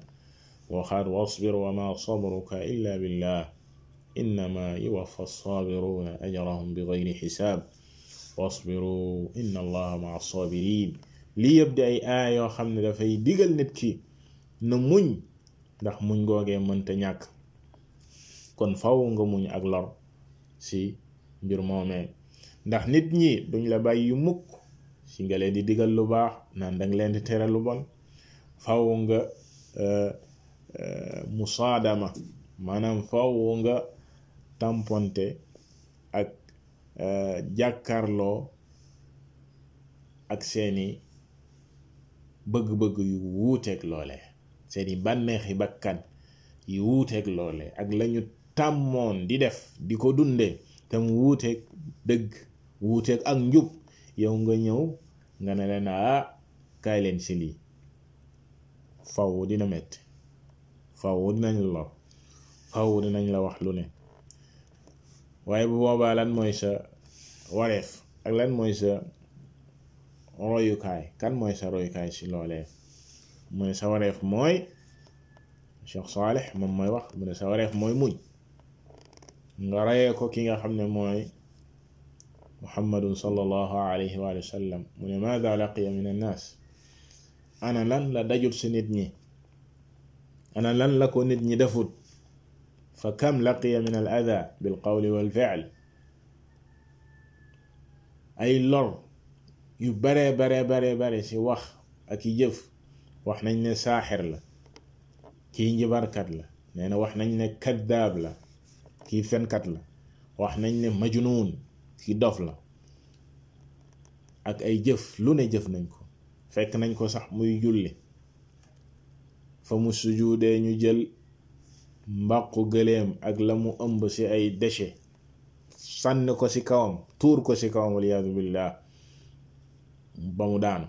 Speaker 1: waxaan wasbir wa ma sabruka illa billah innama yuwaffa as-saabiruna ajrahum bighayri xisaab wasbiru inna allaha ma'a as-saabiriin lii yëpp di ay aaya yoo xam ne dafay digal nit ki na muñ ndax muñ googee mënta ñàkk kon faw nga muñ ak lor si mbir moomee ndax nit ñi duñ la bàyyi yu mukk si nga leen di digal lu baax naan danga leen di tere lu bon faw nga musaadama maanaam faw nga tamponte ak euh, jàkkarloo ak seeni bëgg-bëgg yu wuuteeg loole seeni bànneexi bakkan yu wuuteeg loole ak lañu tàmmoon di def di ko dunde te mu wuuteeg dëgg wuuteeg ak njub yow nga ñëw nga ne leen ah kaay leen si lii faw dina metti faw dinañ la faw dinañ la wax lu ne waaye bu boobaa lan mooy sa wareef ak lan mooy sa royukaay kan mooy sa royukaay si loolee mu ne sa wareef mooy Cheikh Salih moom mooy wax mu ne sa wareef mooy muñ nga rayee ko ki nga xam ne mooy muhammadun sallallahu alayhi wa sallam mu ne maada laqiya min annaas ana lan la dajul si nit ñi ana lan la ko nit ñi defut fa kam laqiya min al ada bil qawli wal fi'l ay lor yu baree baree baree bare si wax ak i jëf wax nañ ne saaxir la kii njibarkat la nee na wax nañ ne kaddaab la kii fenkat la wax nañ ne majnuun kii dof la ak ay jëf lu ne jëf nañ ko fekk nañ ko sax muy julli fa mu sujuudee ñu jël mbàqu gëléem ak la mu ëmb ci ay déchets sànni ko ci kawam tuur ko ci kawam waliyaadu billah ba mu daanu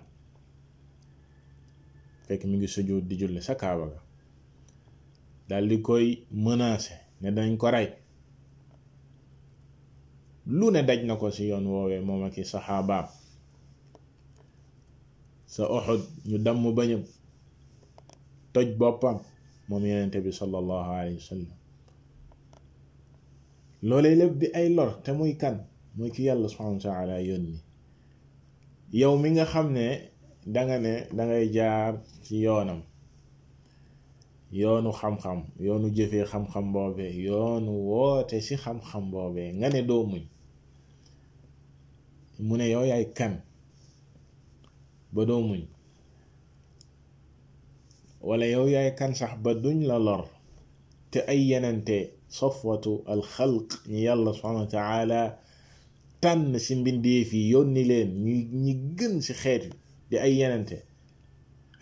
Speaker 1: fekk mu ngi sujud di julli sa kaaba ga dal koy mënaase ne dañ ko rey lu ne daj na ko ci yoon woowee moom ak i saxaabaam sa Uhud ñu damm bañam toj boppam moom yonente bi sallallahu alayhi wa sallam lépp di ay lor te muy kan muy ki yàlla subhanahu wa taala yónni yow mi nga xam ne danga ne dangay jaar ci yoonam yoonu xam-xam yoonu jëfee xam-xam boobee yoonu woote ci xam-xam boobee nga ne doo muñ mu ne yow yaay kan ba doo muñ wala yow yaay kan ba duñ la lor te ay yenente safwatu alxalq ñi yàlla subhanahu wa taala tànn ci mbindeef yi yónni leen ñu ñi gën ci xeet yi di ay yenente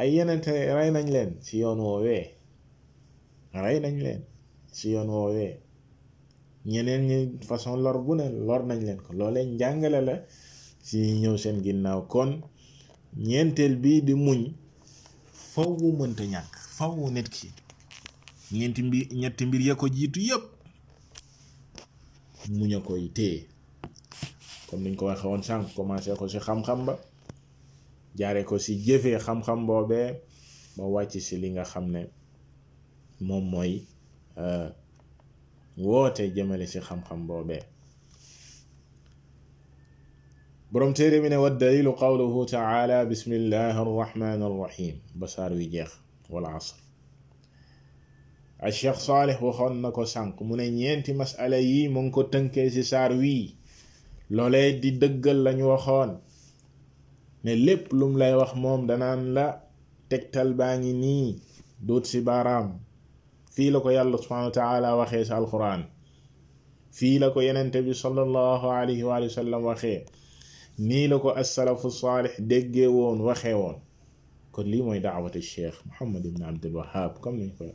Speaker 1: ay yenente rey nañ leen ci yoon woowee rey nañ leen ci yoon woowee ñeneen ñi façon lor bu ne lor nañ leen ko loolee njàngale la ci ñëw seen ginnaaw kon ñeenteel bii di muñ faw mënta ñàkk faw nit ki ñeenti mbir ñetti mbir ya ko jiitu yépp mu ñu koy téye kon niñ ko waxee woon sànq commencé ko si xam-xam ba jaare ko si jëfee xam-xam boobee ba wàcc si li nga xam ne moom mooy euh, woote jëmale si xam-xam boobee boroom téere bi ne wa dalilu qawluhu taala bismillahi arrahmani arrahim ba saar wi jeex wal asr a cheikh saalih waxoon na ko sànq mu ne ñeenti masala yi mu ngi ko tënkee ci saar wii loolee di dëggal lañu waxoon ne lépp lum lay wax moom danaan la tegtal baa ngi nii duut ci baaraam fii la ko yàlla subhanahu wa waxee ci alquran fii la ko yenente bi sallallahu alayhi wa sallam waxee nii la ko asalafu saalix déggee woon waxee woon kon lii mooy daawati cheikh Muhammad ibn Abdul Wahab comme niñ ko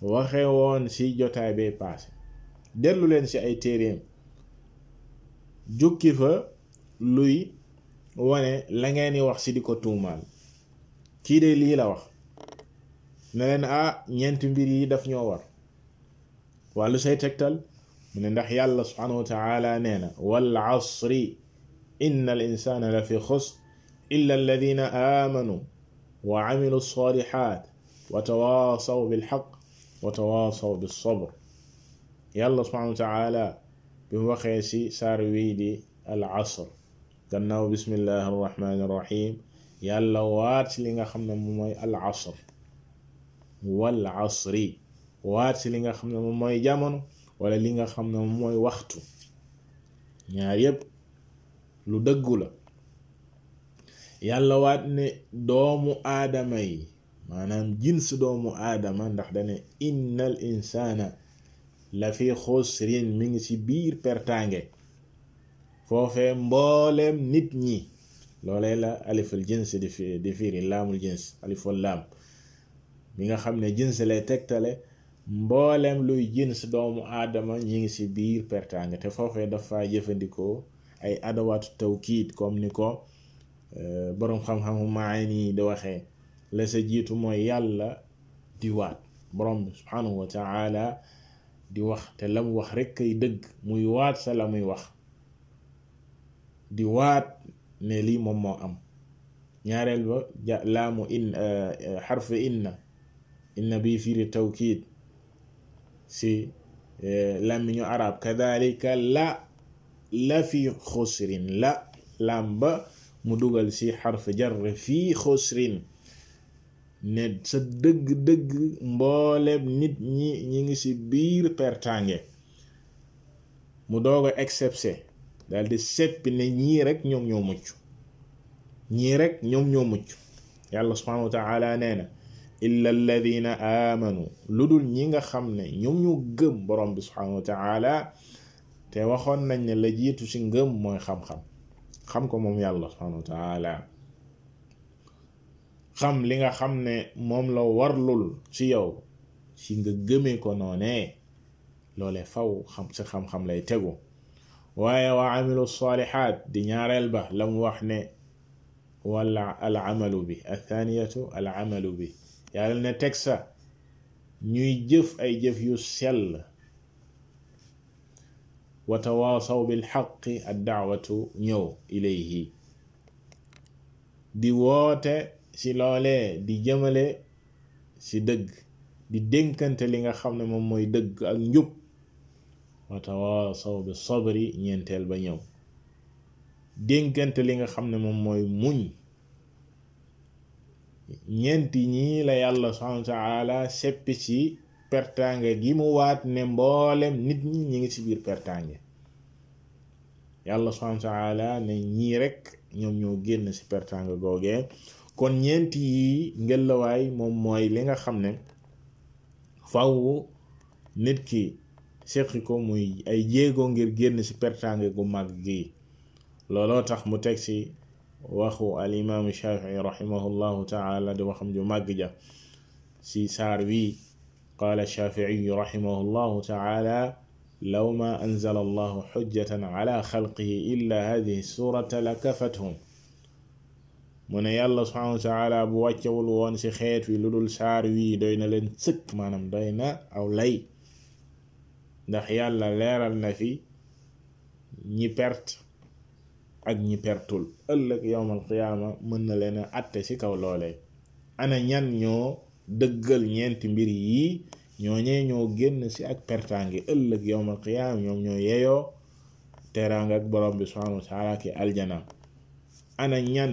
Speaker 1: waxee woon si jotaay bee paase dellu leen ci ay téeréem jukki fa luy wane la ngeen di wax si di ko tuumaal kii de lii la wax ne leen ah ñeenti mbir yi daf ñoo war wàllu say tegtal mu ne ndax yàlla subhanahu wa taala nee wal asri inna al insana la fi xusr illa alladina aamanu wa amilu salihat wa tawaasaw bilxaq wa tawaasaw bilsabr yàlla subhanahu wa taala bi mu waxee ci saar wii di al asr gannaaw bismillahi arrahmani irrahim yàlla waat ci li nga xam ne moom mooy al asr wal asri waat ci li nga xam ne moom mooy jamono wala li nga xam ne moom mooy waxtu ñaar yépp lu dëggu la yàlla waat ne doomu aadama yi maanaam jins doomu aadama ndax dane innal insaana la fi xusrin mi ngi ci biir pertange foofee mbooleem nit ñi loolee la alifal jins di fi di fiiri laamul jins alifal laam mi nga xam ne jins lay tegtale mbooleem luy jins doomu aadama ñi ngi ci biir pertange te foofee dafa jëfandikoo ay adawaatu tawkiid comme ni ko euh, boroom xam-xamu maayni yi di waxee la sa jiitu mooy yàlla di waat borom bi subhanahu di wax te la mu wax rekk ay dëgg muy waat sa la muy wax di waat ne lii moom moo am ñaareel ba laamu in euh, xarfe inna inna bi firi tawkiid si euh, làmmiñu arab kadhalika la la fi xusrin la laam ba mu dugal ci xarf jar fii xusrin ne sa dëgg-dëgg mboolem nit ñi ñi ngi ci biir pertange mu doog a excepté daal di seppi ne ñii rekk ñoom ñoo mucc ñii rekk ñoom ñoo mucc yàlla subhanahu wa taala nee na illa alladina aamanu lu dul ñi nga xam ne ñoom ñoo gëm borom bi subhanahu wa taala te waxoon nañ ne la jiitu ci ngëm mooy xam-xam xam ko moom yàlla subhanahu wa xam li nga xam ne moom la warlul ci yow si nga gëmee ko noonee loole faw xam sa xam-xam lay tegu waaye wa amilu salihat di ñaareel ba la wax ne wala al amalu bi athaniyatu al amalu bi yàlla ne teg sa ñuy jëf ay jëf yu sell wa tawaasaw bil xaqi ad daawatu ñëw ilayhi di woote ci loolee di jëmale ci dëgg di dénkante li nga xam ne moom mooy dëgg ak njub wa bi sabri ñeenteel ba ñëw dénkante li nga xam ne moom mooy muñ ñeenti ñii la yàlla subhaanahu seppi ci pertange gi mu waat ne mboolem nit ñi ñu ngi ci biir pertange yàlla subhanahu wa ne ñii rekk ñoom ñoo génn ci pertange googee kon ñeenti yi ngelawaay moom mooy li nga xam ne faw nit ki séqi ko muy ay jéego ngir génn ci pertange gu mag gi looloo tax mu teg ci waxu al imaamu shafii rahimahullahu taala di ju màgg ja ci saar wii qaala shaaficiyu raximahullahu tacaala law maa anzala allahu xujjatan calaa xalqihi illaa hadihi suurata la kafathum mu ne yàlla subhaanahu wa taala bu wàccewul woon ci xeet wi lu dul saar wii doy na leen sëkk maanaam doy na aw lay ndax yàlla leeral na fi ñi perte ak ñi pertul ëllëg yowmal qiyaama mën na leen a atte ci kaw loolee ana ñan ñoo dëggal ñeenti mbir yi ñooñee ñoo génn ci ak pertaange ëllëg yowmal qiyaam ñoom ñoo yeyoo teraanga ak borom bi subhaanahu wa taala ki aljana ana ñan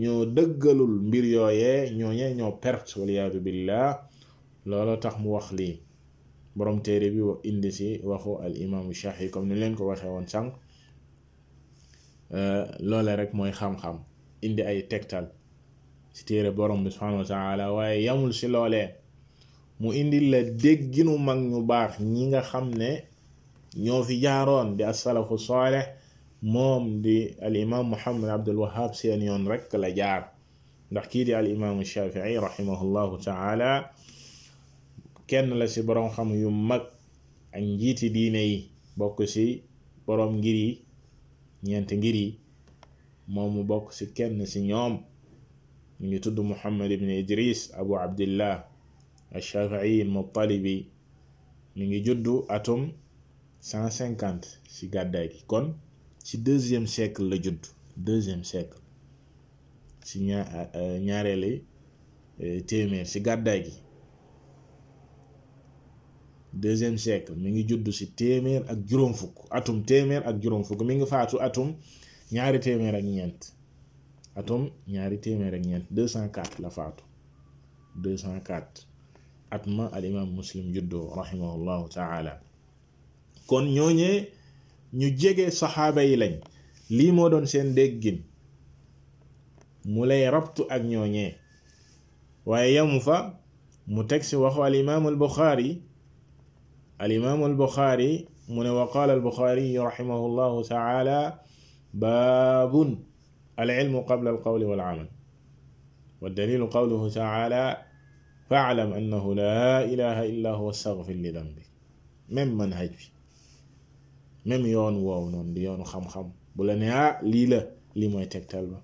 Speaker 1: ñoo dëggalul mbir yooyee ñooñee ñoo perte waliyaadu billah loolu tax mu wax lii borom téere bi indi ci waxu al imaamu shahi comme ni leen ko waxee woon sànq euh, loole rek mooy xam-xam indi ay tegtal ci téere borom bi subhanahu wa waaye yamul ci loolee mu indi la dégginu mag ñu baax ñi nga xam ne ñoo fi jaaroon di asalafu saaleh moom di al imam muhammad abdul seen yoon rekk la jaar ndax kii di al imaamu shafii rahimahullahu taala kenn la ci borom xam yu mag ak njiiti diine yi bokk ci borom ngir yi ñeenti ngir yi moom mu bokk ci kenn ci ñoom mu ngi tudd muhammad ibn idris abu abdillah ashafii almuttalibi mu ngi juddu atum 150 ci gàddaay gi kon ci deuxième siècle la judd deuxième siècle ci ña ñaareeli e, téeméer ci gàddaay gi deuxième siècle mi ngi judd ci téeméer ak juróom fukk atum téeméer ak juróom fukk mi ngi faatu atum ñaari téeméer ak ñeent atom ñaari téeméer ak ñeent 204 la faatu 204 al imam muslim juddoo rahimahullahu taala kon ñooñee ñu jege saxaaba lañ lii moo doon seen déggin mu lay rabtu ak ñooñee waaye yamu fa mu teg si waxu al imam al buxaari al imam al buxaari mu ne wa al buxaari rahimahullahu taala baabun al ilmu qabla al qawli wal amal wa dalilu qawluhu taala faalam annahu laa ilaha illa huwa astaghfir li dambi même manhaj bi même yoon woowu noonu di yoonu xam-xam bu la ne ah lii la lii mooy tegtal ba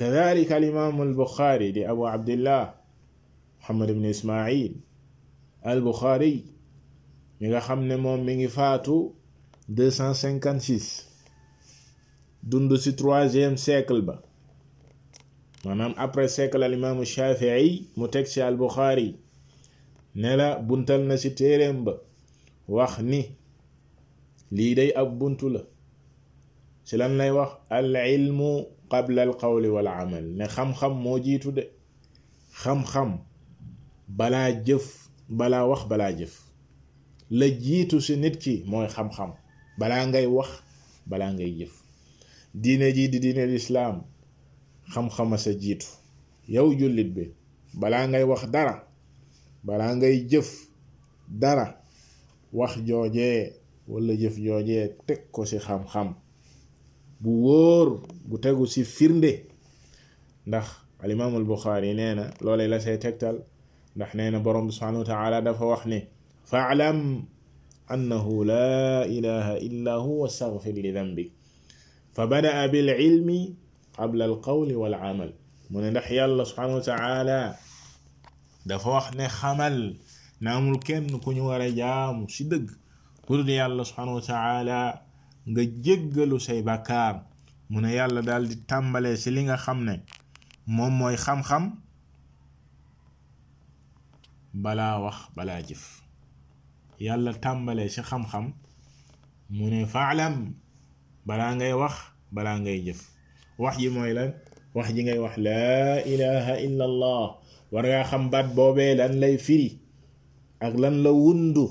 Speaker 1: kadalika al imaamu al buxaari di abu abdillah muhammad ibn ismail al buxaari mi nga xam ne moom mi ngi faatu 256 dund ci troisième siècle ba maanaam après siècle al imaamu Shafii mu teg ci al Buxaari ne la buntal na ci téeréem ba wax ni lii day ab buntu la ci lan lay wax al ilmu qabla al qawli wal amal ne xam-xam moo jiitu de xam-xam balaa jëf balaa wax balaa jëf la jiitu ci nit ki mooy xam-xam balaa ngay wax balaa ngay jëf diine jii di diine lislaam xam-xama sa jiitu yow jullit bi balaa ngay wax dara balaa ngay jëf dara wax joojee walla jëf joojee teg ko ci xam-xam bu wóor bu tegu ci firnde ndax alimaamul buxaari nee na loolee la say tegtal ndax nee na borom bi subhaanahu wa dafa wax ne faalam annahu laa ilaha illa huwa astaghfir li dambik fa badaa bil ilmi qabla al qawli wal amal mu ne ndax yàlla subhanahu wa taala dafa wax ne xamal na amul kenn ku ñu war a jaamu ci dëgg ku dul yàlla subhanahu wa taala nga jéggalu say bàkkaar mu ne yàlla daal di tàmbalee ci li nga xam ne moom mooy xam-xam balaa wax balaa jëf yàlla tàmbalee ci xam-xam mu ne faalam balaa ngay wax balaa ngay jëf wax ji mooy lan wax ji ngay wax laa ilaha illa war ngaa xam baat boobee lan lay firi ak lan la wundu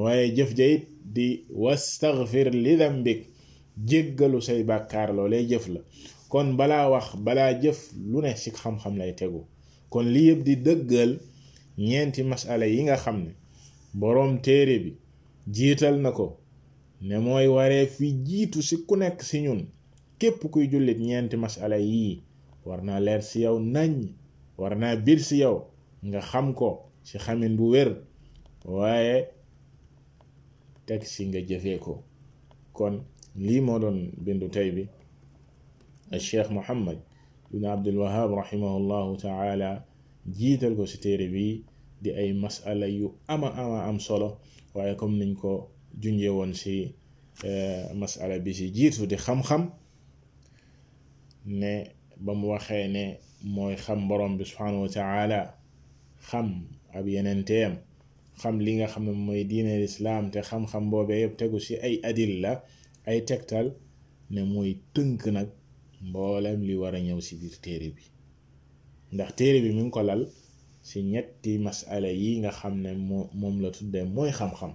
Speaker 1: waaye jëf ja di wastaghfir li dambik jéggalu say bàkkaar loolee jëf la kon balaa wax balaa jëf lu ne ci xam-xam lay tegu kon li yëpp di dëggal ñeenti masala yi nga xam ne boroom téere bi jiital na ko ne mooy waree fi jiitu ci ku nekk ci ñun képp kuy jullit ñeenti masala yii war naa leer ci yow nañ war naa biir ci yow nga xam ko ci xamin bu wér waaye teg si nga jëfee ko kon lii moo doon bindu tey bi cheikh mohammad ibn abdul wahab rahimahullahu taala jiital ko ci téere bi di ay masala yu ama ama am solo waaye comme niñ ko junje woon ci eh, masala bi ci jiitu di xam-xam ne ba mu waxee ne mooy xam mborom bi subhanahu wa taala xam ab yenenteem xam li nga xam ne mooy diine lislaam te xam-xam boobee yëpp tegu ci ay adilla ay tegtal ne mooy tënk nag mboolem li war a ñëw ci biir téere bi ndax téere bi mi ngi ko lal ci ñetti masala yi nga xam ne moom la tuddee mooy xam-xam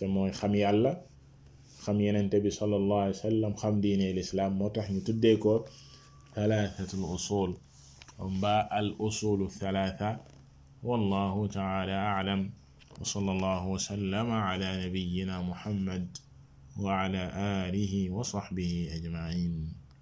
Speaker 1: te mooy xam yàlla xam yenente bi sallallahu alayhi wa sallam xam diine lislaam moo tax ñu tuddee ko thalathatul usul mbaa al usulu thalatha wallahu taala a'lam wa sallallahu wa sallama ala nabiyyina muhammad wa ala alihi wa sahbihi ajma'in